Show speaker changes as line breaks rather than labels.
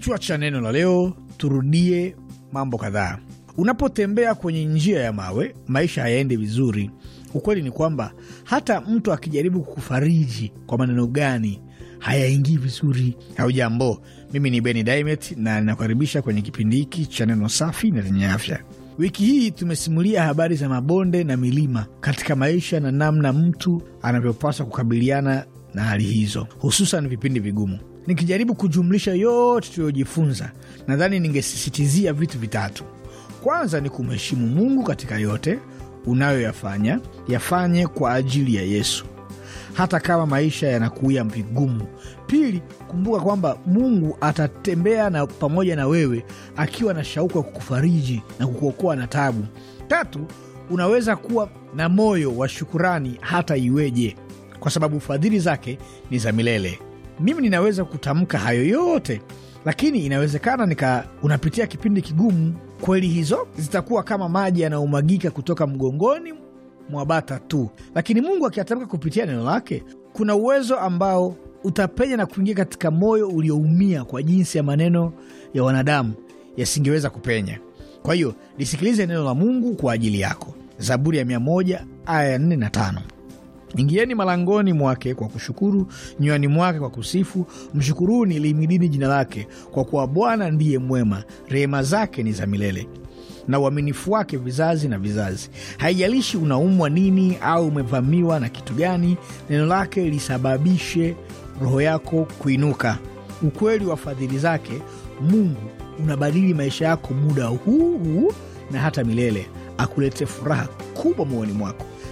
Kichwa cha neno la leo: turudie mambo kadhaa. Unapotembea kwenye njia ya mawe, maisha hayaendi vizuri. Ukweli ni kwamba hata mtu akijaribu kufariji kwa maneno gani, hayaingii vizuri. Haujambo, mimi ni Beni Dimet na ninakaribisha kwenye kipindi hiki cha neno safi na lenye afya. Wiki hii tumesimulia habari za mabonde na milima katika maisha na namna mtu anavyopaswa kukabiliana na hali hizo, hususan vipindi vigumu. Nikijaribu kujumlisha yote tuliyojifunza, nadhani ningesisitizia vitu vitatu. Kwanza ni kumheshimu Mungu katika yote unayoyafanya, yafanye kwa ajili ya Yesu hata kama maisha yanakuya vigumu. Pili, kumbuka kwamba Mungu atatembea na pamoja na wewe akiwa na shauku ya kukufariji na kukuokoa na tabu. Tatu, unaweza kuwa na moyo wa shukurani hata iweje, kwa sababu fadhili zake ni za milele mimi ninaweza kutamka hayo yote, lakini inawezekana nika unapitia kipindi kigumu. Kweli hizo zitakuwa kama maji yanayomwagika kutoka mgongoni mwa bata tu, lakini Mungu akiatamka kupitia neno lake, kuna uwezo ambao utapenya na kuingia katika moyo ulioumia kwa jinsi ya maneno ya wanadamu yasingeweza kupenya. Kwa hiyo lisikilize neno la Mungu kwa ajili yako. Zaburi ya 1 aya 4 na 5. Ingieni malangoni mwake kwa kushukuru, nywani mwake kwa kusifu. Mshukuruni, limidini jina lake, kwa kuwa Bwana ndiye mwema, rehema zake ni za milele, na uaminifu wake vizazi na vizazi. Haijalishi unaumwa nini au umevamiwa na kitu gani, neno lake lisababishe roho yako kuinuka. Ukweli wa fadhili zake Mungu unabadili maisha yako muda huu huu na hata milele, akulete furaha kubwa moyoni mwako